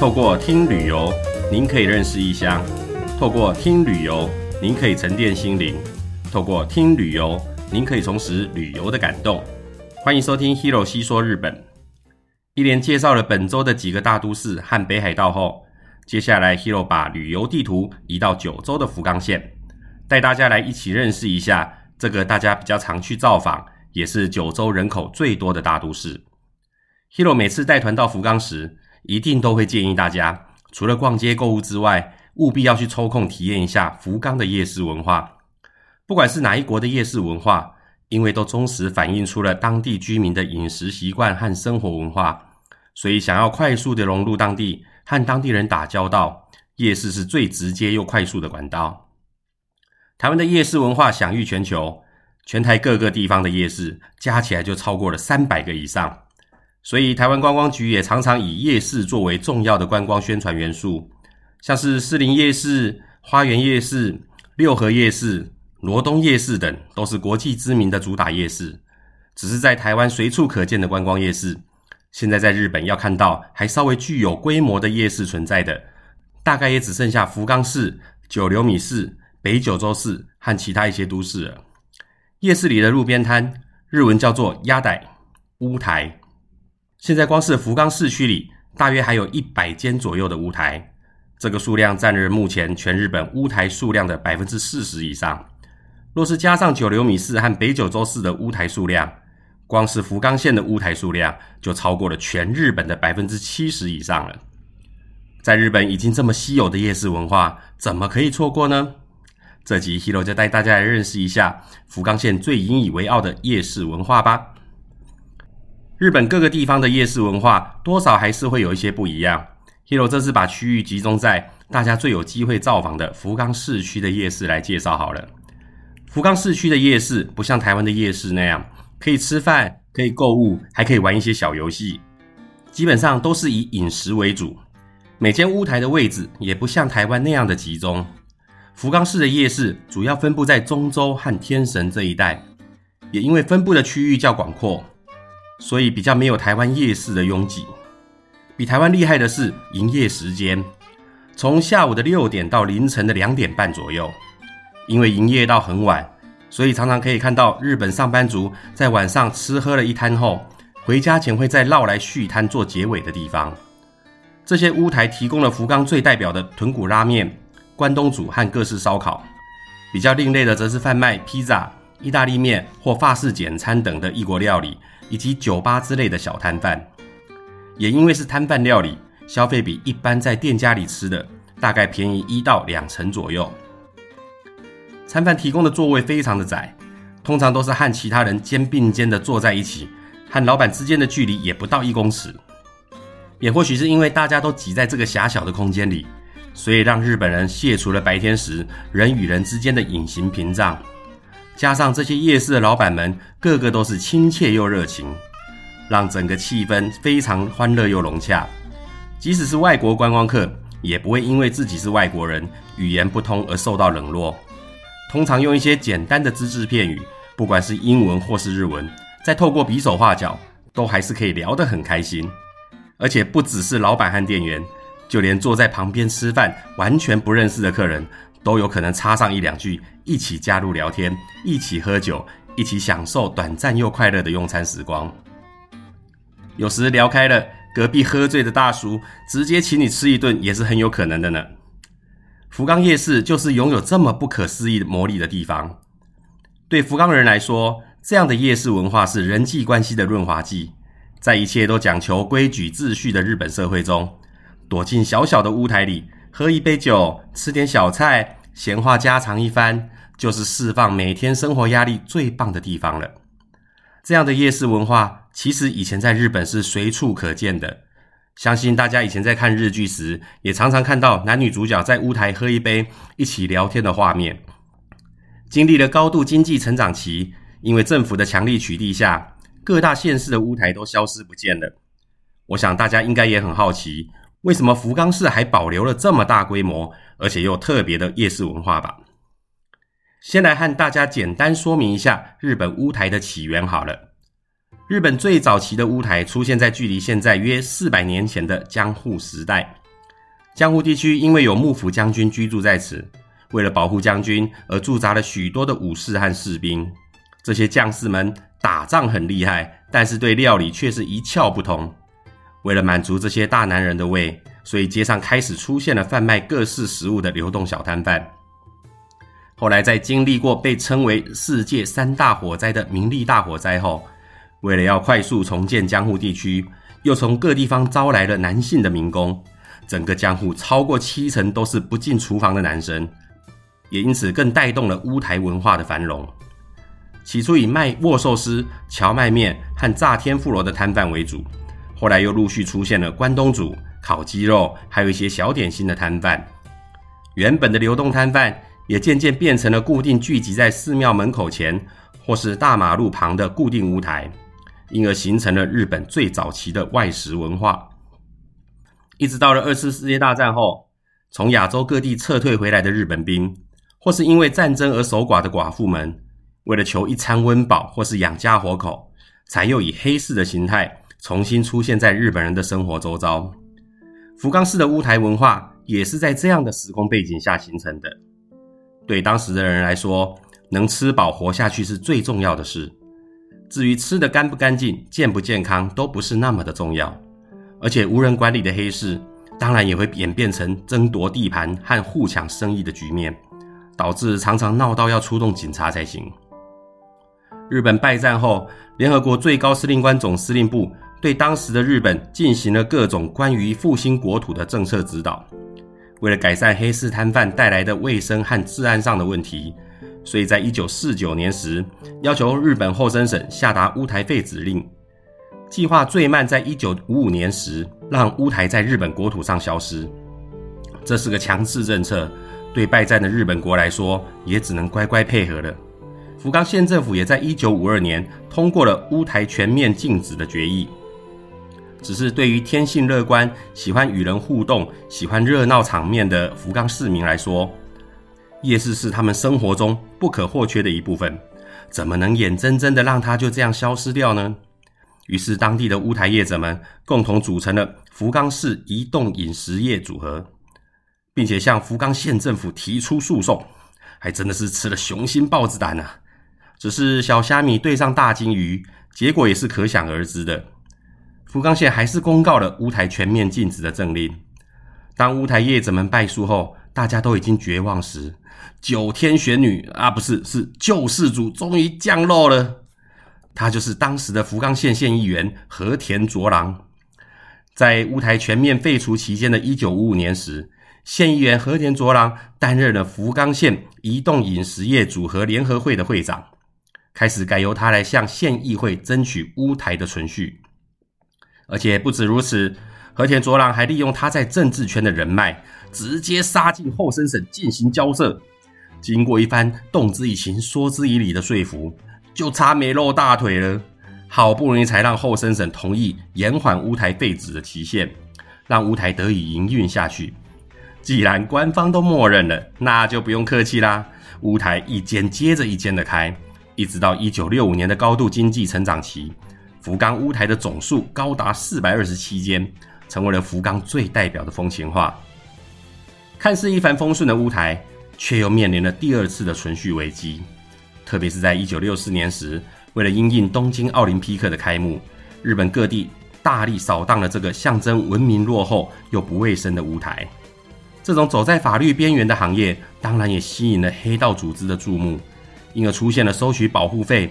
透過聽旅遊，您可以認識異鄉；透過聽旅遊，您可以沉澱心靈；透過聽旅遊，您可以重拾旅遊的感動。歡迎收聽 Hero 細說日本。一連介紹了本州的幾個大都市和北海道後，接下來 Hero 把旅遊地圖移到九州的福岡縣，帶大家來一起認識一下這個大家比較常去造訪，也是九州人口最多的大都市。Hero 每次帶團到福岡時，一定都會建議大家，除了逛街購物之外，務必要去抽空體驗一下福岡的夜市文化。不管是哪一國的夜市文化，因為都忠實反映出了當地居民的飲食習慣和生活文化，所以想要快速的融入當地，和當地人打交道，夜市是最直接又快速的管道。台灣的夜市文化享譽全球，全台各個地方的夜市加起來就超過了三百個以上。所以，台灣觀光局也常常以夜市作為重要的觀光宣傳元素，像是士林夜市、花園夜市、六合夜市、羅東夜市等，都是國際知名的主打夜市。只是在台灣隨處可見的觀光夜市，現在在日本要看到還稍微具有規模的夜市存在的，大概也只剩下福岡市、久留米市、北九州市和其他一些都市了。夜市裡的路邊攤，日文叫做鴨袋、屋台。現在光是福岡市區裡，大約還有一百間左右的屋台，這個數量占着目前全日本屋台數量的百分之四十以上。若是加上久留米市和北九州市的屋台數量，光是福岡縣的屋台數量就超過了全日本的百分之七十以上了。在日本已經這麼稀有的夜市文化，怎麼可以錯過呢？這集 Hiro 就帶大家來認識一下福岡縣最引以為傲的夜市文化吧。日本各個地方的夜市文化，多少還是會有一些不一樣。Hiro 這次把區域集中在大家最有機會造訪的福岡市區的夜市來介紹好了。福岡市區的夜市不像台灣的夜市那樣可以吃飯、可以購物，還可以玩一些小遊戲，基本上都是以飲食為主。每間屋台的位置也不像台灣那樣的集中。福岡市的夜市主要分布在中洲和天神這一帶，也因為分布的區域較廣闊。所以比較沒有台灣夜市的擁擠，比台灣厲害的是營業時間，從下午的六點到凌晨的兩點半左右。因為營業到很晚，所以常常可以看到日本上班族在晚上吃喝了一攤後，回家前會再繞來續攤做結尾的地方。這些屋台提供了福岡最代表的豚骨拉麵、關東煮和各式燒烤。比較另類的則是販賣披薩意大利麵或法式簡餐等的異國料理，以及酒吧之類的小攤販，也因為是攤販料理，消費比一般在店家裡吃的大概便宜一到兩成左右。攤販提供的座位非常的窄，通常都是和其他人肩並肩的坐在一起，和老闆之間的距離也不到一公尺。也或許是因為大家都擠在這個狹小的空間裡，所以讓日本人卸除了白天時人與人之間的隱形屏障。加上這些夜市的老板們，個個都是親切又熱情，讓整個氣氛非常歡樂又融洽。即使是外國觀光客，也不會因為自己是外國人、語言不通而受到冷落。通常用一些簡單的隻字片語，不管是英文或是日文，再透過比手畫腳，都還是可以聊得很開心。而且不只是老板和店員，就連坐在旁邊吃飯、完全不認識的客人。都有可能插上一兩句，一起加入聊天，一起喝酒，一起享受短暫又快樂的用餐時光。有時聊開了，隔壁喝醉的大叔直接請你吃一頓，也是很有可能的呢。福岡夜市就是擁有這麼不可思議的魔力的地方。對福岡人來說，這樣的夜市文化是人際關係的潤滑劑，在一切都講求規矩秩序的日本社會中，躲進小小的屋台裡，喝一杯酒，吃點小菜。閒話家常一番，就是釋放每天生活壓力最棒的地方了。這樣的夜市文化，其實以前在日本是隨處可見的。相信大家以前在看日劇時，也常常看到男女主角在屋台喝一杯、一起聊天的畫面。經歷了高度經濟成長期，因為政府的強力取締下，各大縣市的屋台都消失不見了。我想大家應該也很好奇。為什麼福岡市還保留了這麼大規模，而且又特別的夜市文化吧？先來和大家簡單說明一下日本屋台的起源好了。日本最早期的屋台出現在距離現在約四百年前的江戶時代。江戶地區因為有幕府將軍居住在此，為了保護將軍而駐紮了許多的武士和士兵。這些將士們打仗很厲害，但是對料理卻是一竅不通。為了滿足這些大男人的胃，所以街上開始出現了販賣各式食物的流動小攤販。後來，在經歷過被稱為“世界三大火災”的明曆大火災後，為了要快速重建江戶地區，又從各地方招來了男性的民工。整個江戶超過七成都是不進廚房的男生，也因此更帶動了屋台文化的繁榮。起初以賣握壽司、蕎麥麵和炸天婦羅的攤販為主。後來又陸續出現了關東煮、烤雞肉，還有一些小點心的攤販。原本的流動攤販也漸漸變成了固定聚集在寺廟門口前或是大馬路旁的固定屋台，因而形成了日本最早期的外食文化。一直到了二次世界大戰後，從亞洲各地撤退回來的日本兵，或是因為戰爭而守寡的寡婦們，為了求一餐溫飽或是養家活口，才又以黑市的形態。重新出現在日本人的生活周遭，福岡市的屋台文化也是在這樣的時空背景下形成的。對當時的人來說，能吃飽活下去是最重要的事，至於吃的乾不乾淨、健不健康，都不是那麼的重要。而且無人管理的黑市，當然也會演變成爭奪地盤和互搶生意的局面，導致常常鬧到要出動警察才行。日本敗戰後，聯合國最高司令官總司令部。對當時的日本進行了各種關於復興國土的政策指導。為了改善黑市攤販帶來的衛生和治安上的問題，所以在1949年時，要求日本厚生省下達屋台廢止令，計劃最慢在一九五五年時讓屋台在日本國土上消失。這是個強制政策，對敗戰的日本國來說，也只能乖乖配合了。福岡縣政府也在1952年通過了屋台全面禁止的決議。只是對於天性樂觀、喜歡與人互動、喜歡熱鬧場面的福岡市民來說，夜市是他們生活中不可或缺的一部分。怎麼能眼睜睜的讓它就這樣消失掉呢？於是，當地的屋台業者們共同組成了福岡市移動飲食業組合，並且向福岡縣政府提出訴訟，還真的是吃了熊心豹子膽啊！只是小蝦米對上大鯨魚，結果也是可想而知的。福岡縣還是公告了屋台全面禁止的政令。當屋台業者們敗訴後，大家都已經絕望時，九天玄女啊，不是，是救世主終於降落了。他就是當時的福岡縣縣議員和田卓郎。在屋台全面廢除期間的1955年時，縣議員和田卓郎擔任了福岡縣移動飲食業組合聯合會的會長，開始改由他來向縣議會爭取屋台的存續。而且不止如此，和田卓郎還利用他在政治圈的人脈，直接殺進厚生省進行交涉。經過一番動之以情、說之以理的說服，就差沒露大腿了。好不容易才讓厚生省同意延緩屋台廢止的期限，讓屋台得以營運下去。既然官方都默認了，那就不用客氣啦。屋台一間接着一間的開，一直到一九六五年的高度經濟成長期。福岡屋台的總數高達四百二十七間，成為了福岡最代表的風情畫。看似一帆風順的屋台，卻又面臨了第二次的存續危機。特別是在一九六四年時，為了因應東京奧林匹克的開幕，日本各地大力掃蕩了這個象徵文明落後又不衛生的屋台。這種走在法律邊緣的行業，當然也吸引了黑道組織的注目，因而出現了收取保護費。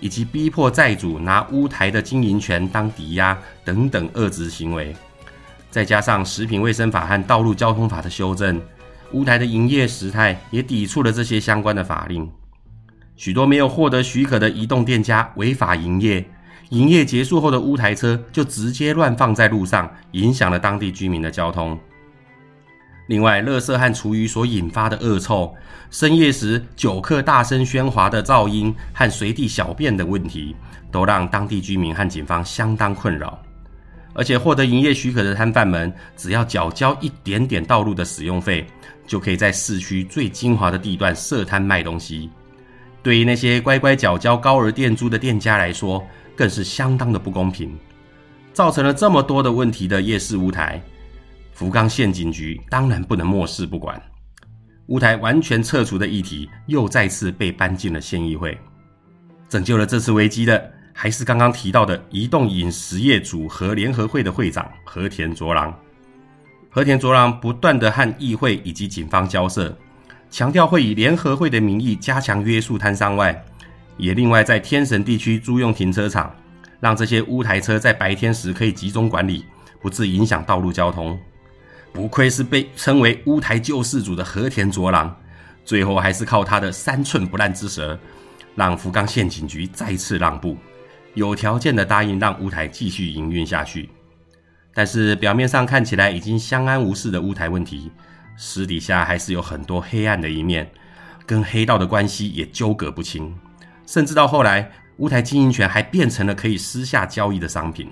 以及逼迫債主拿屋台的經營權當抵押等等惡質行為，再加上《食品衛生法》和《道路交通法》的修正，屋台的營業時態也抵觸了這些相關的法令。許多沒有獲得許可的移動店家違法營業，營業結束後的屋台車就直接亂放在路上，影響了當地居民的交通。另外，垃圾和廚餘所引發的惡臭，深夜時酒客大聲喧嘩的噪音和隨地小便的問題，都讓當地居民和警方相當困擾。而且，獲得營業許可的攤販們，只要繳交一點點道路的使用費，就可以在市區最精華的地段設攤賣東西。對於那些乖乖繳交高額店租的店家來說，更是相當的不公平。造成了這麼多的問題的夜市屋台，福岡縣警局當然不能漠視不管，屋台完全撤除的議題又再次被搬進了縣議會。拯救了這次危機的，還是剛剛提到的移動飲食業組合聯合會的會長和田卓郎。和田卓郎不斷地和議會以及警方交涉，強調會以聯合會的名義加強約束攤商外，也另外在天神地區租用停車場，讓這些屋台車在白天時可以集中管理，不致影響道路交通。不愧是被稱為屋台救世主的和田卓郎，最後還是靠他的三寸不爛之舌，讓福岡縣警局再次讓步，有條件的答應讓屋台繼續營運下去。但是表面上看起來已經相安無事的屋台問題，私底下還是有很多黑暗的一面，跟黑道的關係也糾葛不清，甚至到後來，屋台經營權還變成了可以私下交易的商品。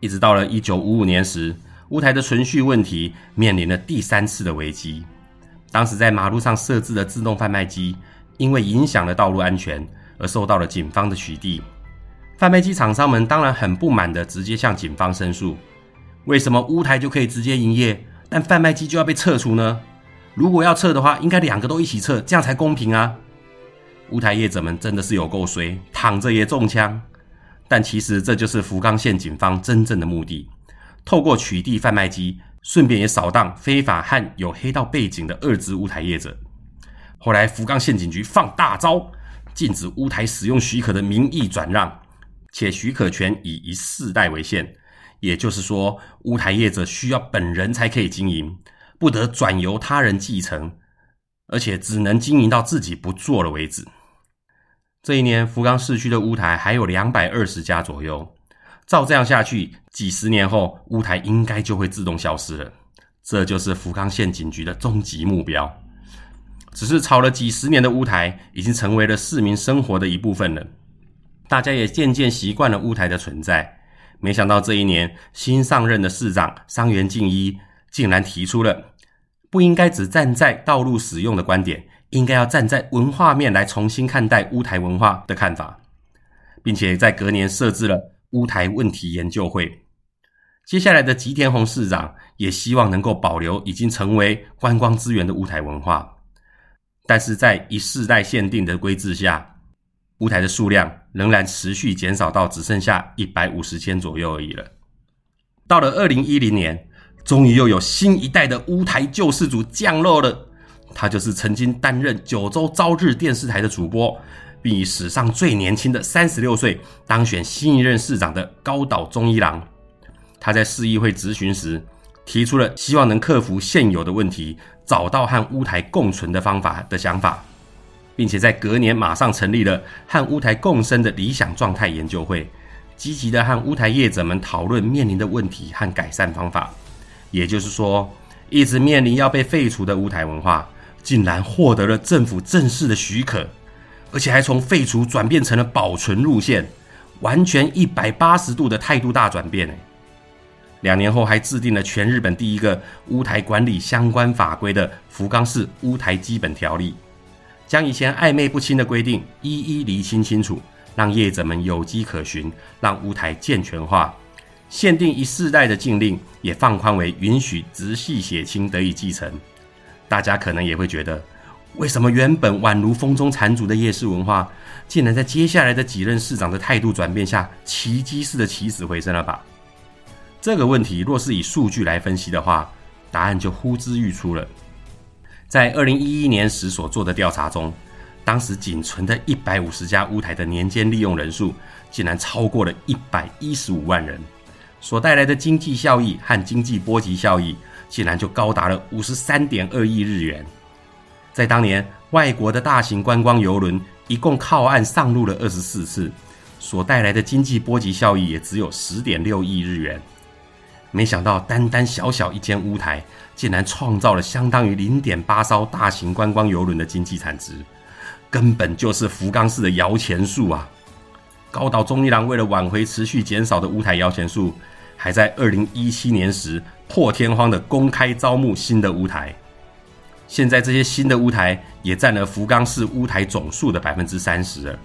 一直到了1955年時，屋台的存續問題面臨了第三次的危機。當時在馬路上設置了自動販賣機，因為影響了道路安全而受到了警方的取締。販賣機廠商們當然很不滿的，直接向警方申訴：為什麼屋台就可以直接營業，但販賣機就要被撤出呢？如果要撤的話，應該兩個都一起撤，這樣才公平啊！屋台業者們真的是有夠衰，躺着也中槍。但其實這就是福岡縣警方真正的目的。透過取締販賣機，順便也掃蕩非法和有黑道背景的二職屋台業者。後來，福岡縣警局放大招，禁止屋台使用許可的名義轉讓，且許可權以一世代為限。也就是說，屋台業者需要本人才可以經營，不得轉由他人繼承，而且只能經營到自己不做了為止。這一年，福岡市區的屋台還有兩百二十家左右。照這樣下去，幾十年後屋台應該就會自動消失了。這就是福岡縣警局的終極目標。只是吵了幾十年的屋台，已經成為了市民生活的一部分了，大家也漸漸習慣了屋台的存在。沒想到這一年，新上任的市長桑原敬一竟然提出了不應該只站在道路使用的觀點，應該要站在文化面來重新看待屋台文化的看法，並且在隔年設置了。屋台問題研究會，接下來的吉田宏市長也希望能夠保留已經成為觀光資源的屋台文化，但是在一世代限定的規制下，屋台的數量仍然持續減少到只剩下一百五十千左右而已了。到了二零一零年，終於又有新一代的屋台救世主降落了，他就是曾經擔任九州朝日電視台的主播，並以史上最年輕的三十六歲當選新一任市長的高島宗一郎，他在市議會質詢時提出了希望能克服現有的問題，找到和屋台共存的方法的想法，並且在隔年馬上成立了和屋台共生的理想狀態研究會，積極的和屋台業者們討論面臨的問題和改善方法。也就是說，一直面臨要被廢除的屋台文化，竟然獲得了政府正式的許可。而且還從廢除轉變成了保存路線，完全一百八十度的態度大轉變。兩年後還制定了全日本第一個屋台管理相關法規的福岡市屋台基本條例，將以前曖昧不清的規定一一釐清清楚，讓業者們有跡可循，讓屋台健全化。限定一世代的禁令也放寬為允許直系血親得以繼承。大家可能也會覺得。為什麼原本宛如風中殘燭的夜市文化，竟然在接下來的幾任市長的態度轉變下，奇蹟似的起死回生了吧？這個問題若是以數據來分析的話，答案就呼之欲出了。在二零一一年時所做的調查中，當時僅存的一百五十家屋台的年間利用人數，竟然超過了一百一十五萬人，所帶來的經濟效益和經濟波及效益，竟然就高達了五十三點二億日元。在當年，外國的大型觀光遊輪一共靠岸上陸了二十四次，所帶來的經濟波及效益也只有十點六億日元。沒想到，單單小小一間屋台，竟然創造了相當於零點八艘大型觀光遊輪的經濟產值，根本就是福岡市的搖錢樹啊！高島忠一郎為了挽回持續減少的屋台搖錢樹，還在二零一七年時破天荒的公開招募新的屋台。現在這些新的屋台也佔了福岡市屋台總數的百分之三十了。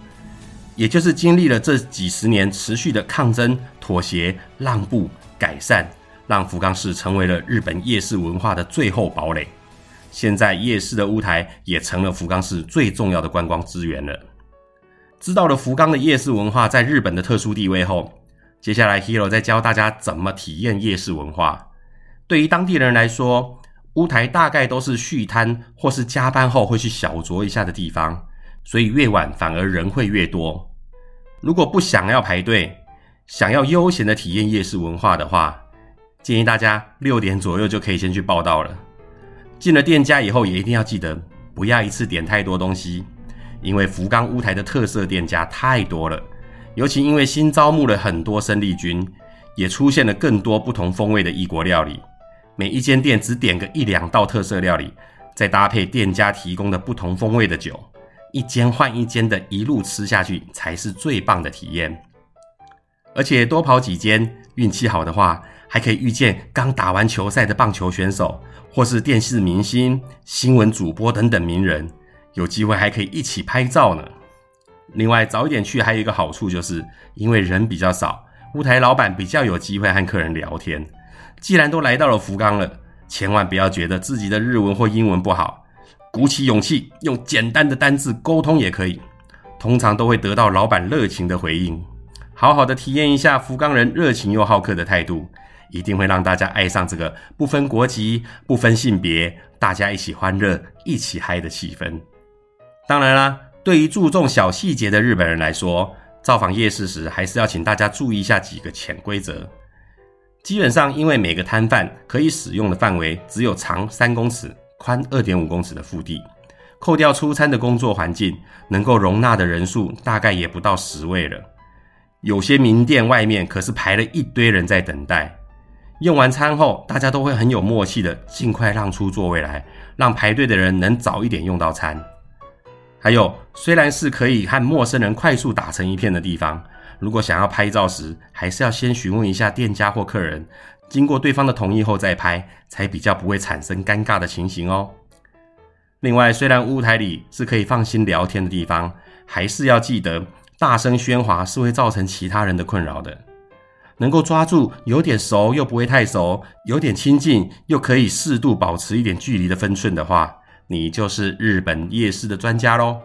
也就是經歷了這幾十年持續的抗爭、妥協、讓步、改善，讓福岡市成為了日本夜市文化的最後堡壘。現在夜市的屋台也成了福岡市最重要的觀光資源了。知道了福岡的夜市文化在日本的特殊地位後，接下來 Hero 再教大家怎麼體驗夜市文化。對於當地人來說，屋台大概都是續攤或是加班後會去小酌一下的地方，所以越晚反而人會越多。如果不想要排隊，想要悠閒的體驗夜市文化的話，建議大家六點左右就可以先去報到了。進了店家以後，也一定要記得不要一次點太多東西，因為福岡屋台的特色店家太多了，尤其因為新招募了很多生力軍，也出現了更多不同風味的異國料理。每一間店只點個一兩道特色料理，再搭配店家提供的不同風味的酒，一間換一間的，一路吃下去才是最棒的體驗。而且多跑幾間，運氣好的話，還可以遇見剛打完球賽的棒球選手，或是電視明星、新聞主播等等名人，有機會還可以一起拍照呢。另外，早一點去還有一個好處，就是因為人比較少，屋台老闆比較有機會和客人聊天。既然都來到了福岡了，千萬不要覺得自己的日文或英文不好，鼓起勇氣用簡單的單字溝通也可以，通常都會得到老板熱情的回應。好好的體驗一下福岡人熱情又好客的態度，一定會讓大家愛上這個不分國籍、不分性別，大家一起歡樂、一起嗨的氣氛。當然啦，對於注重小細節的日本人來說，造訪夜市時還是要請大家注意一下幾個潛規則。基本上，因為每個攤販可以使用的範圍只有長三公尺、寬二點五公尺的腹地，扣掉出餐的工作環境，能夠容納的人數大概也不到十位了。有些名店外面可是排了一堆人在等待。用完餐後，大家都會很有默契的盡快讓出座位來，讓排隊的人能早一點用到餐。還有，雖然是可以和陌生人快速打成一片的地方。如果想要拍照時，還是要先詢問一下店家或客人，經過對方的同意後再拍，才比較不會產生尷尬的情形哦。另外，雖然屋台裡是可以放心聊天的地方，還是要記得大聲喧嘩是會造成其他人的困擾的。能夠抓住有點熟又不會太熟，有點親近又可以適度保持一點距離的分寸的話，你就是日本夜市的專家嘍。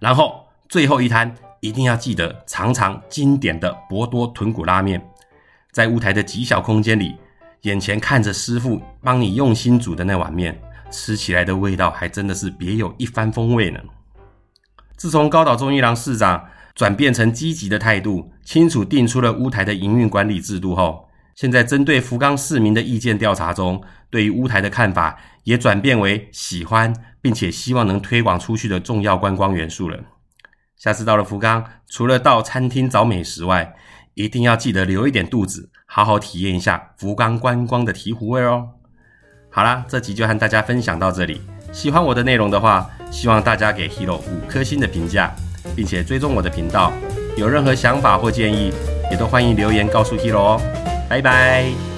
然後最後一攤。一定要記得嘗嘗經典的博多豚骨拉麵，在屋台的極小空間裡，眼前看着師傅幫你用心煮的那碗麵，吃起來的味道還真的是別有一番風味呢。自從高島宗一郎市長轉變成積極的態度，清楚定出了屋台的營運管理制度後，現在針對福岡市民的意見調查中，對於屋台的看法也轉變為喜歡，並且希望能推廣出去的重要觀光元素了。下次到了福岡，除了到餐廳找美食外，一定要記得留一點肚子，好好體驗一下福岡觀光的醍醐味哦。好啦，這集就和大家分享到這裡。喜歡我的內容的話，希望大家給 Hiro 五顆星的評價，並且追蹤我的頻道。有任何想法或建議，也都歡迎留言告訴 Hiro 哦。拜拜。